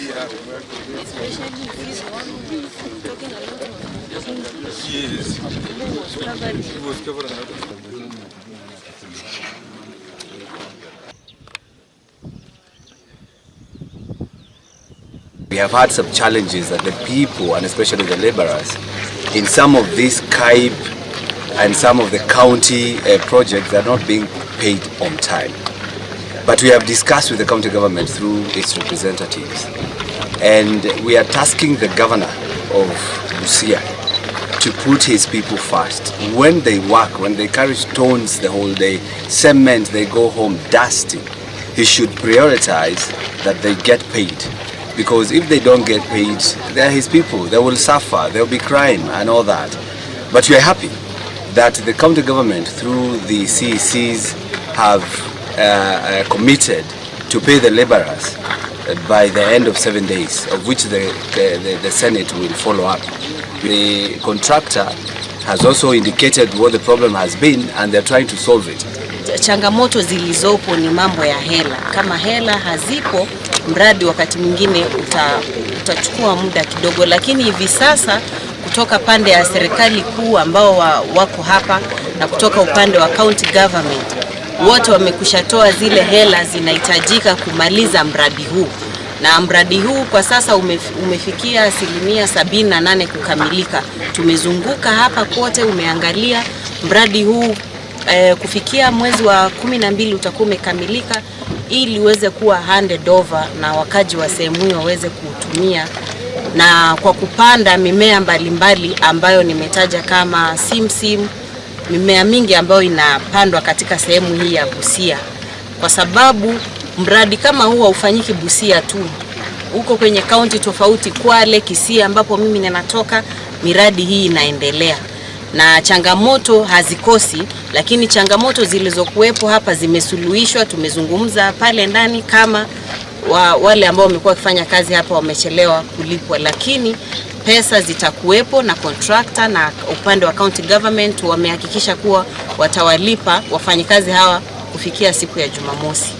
Especially Yes. was We have had some challenges that the people and especially the laborers in some of these CAIB and some of the county uh, projects are not being paid on time. But we have discussed with the county government through its representatives, and we are tasking the governor of Busia to put his people first. When they work, when they carry stones the whole day, cement, they go home dusty, he should prioritize that they get paid. Because if they don't get paid, they're his people, they will suffer, there will be crime and all that. But we are happy that the county government, through the CECs, have Uh, uh, committed to pay the laborers uh, by the end of seven days, of which the, the, the Senate will follow up. The contractor has also indicated what the problem has been and they're trying to solve it. Changamoto zilizopo ni mambo ya hela. Kama hela hazipo, mradi wakati mwingine utachukua muda kidogo, lakini hivi sasa kutoka pande ya serikali kuu ambao wa, wako hapa na kutoka upande wa county government wote wamekushatoa zile hela zinahitajika kumaliza mradi huu, na mradi huu kwa sasa umefikia asilimia sabini na nane kukamilika. Tumezunguka hapa kote, umeangalia mradi huu eh, kufikia mwezi wa kumi na mbili utakuwa umekamilika ili uweze kuwa handed na wakaji wa sehemu hiyo waweze kuutumia na kwa kupanda mimea mbalimbali mbali ambayo nimetaja kama simsim sim, mimea mingi ambayo inapandwa katika sehemu hii ya Busia, kwa sababu mradi kama huu haufanyiki Busia tu, uko kwenye kaunti tofauti, Kwale, Kisii ambapo mimi ninatoka, miradi hii inaendelea na changamoto hazikosi, lakini changamoto zilizokuwepo hapa zimesuluhishwa. Tumezungumza pale ndani kama wa, wale ambao wamekuwa wakifanya kazi hapa wamechelewa kulipwa, lakini pesa zitakuwepo na contractor na upande wa county government wamehakikisha kuwa watawalipa wafanyikazi hawa kufikia siku ya Jumamosi.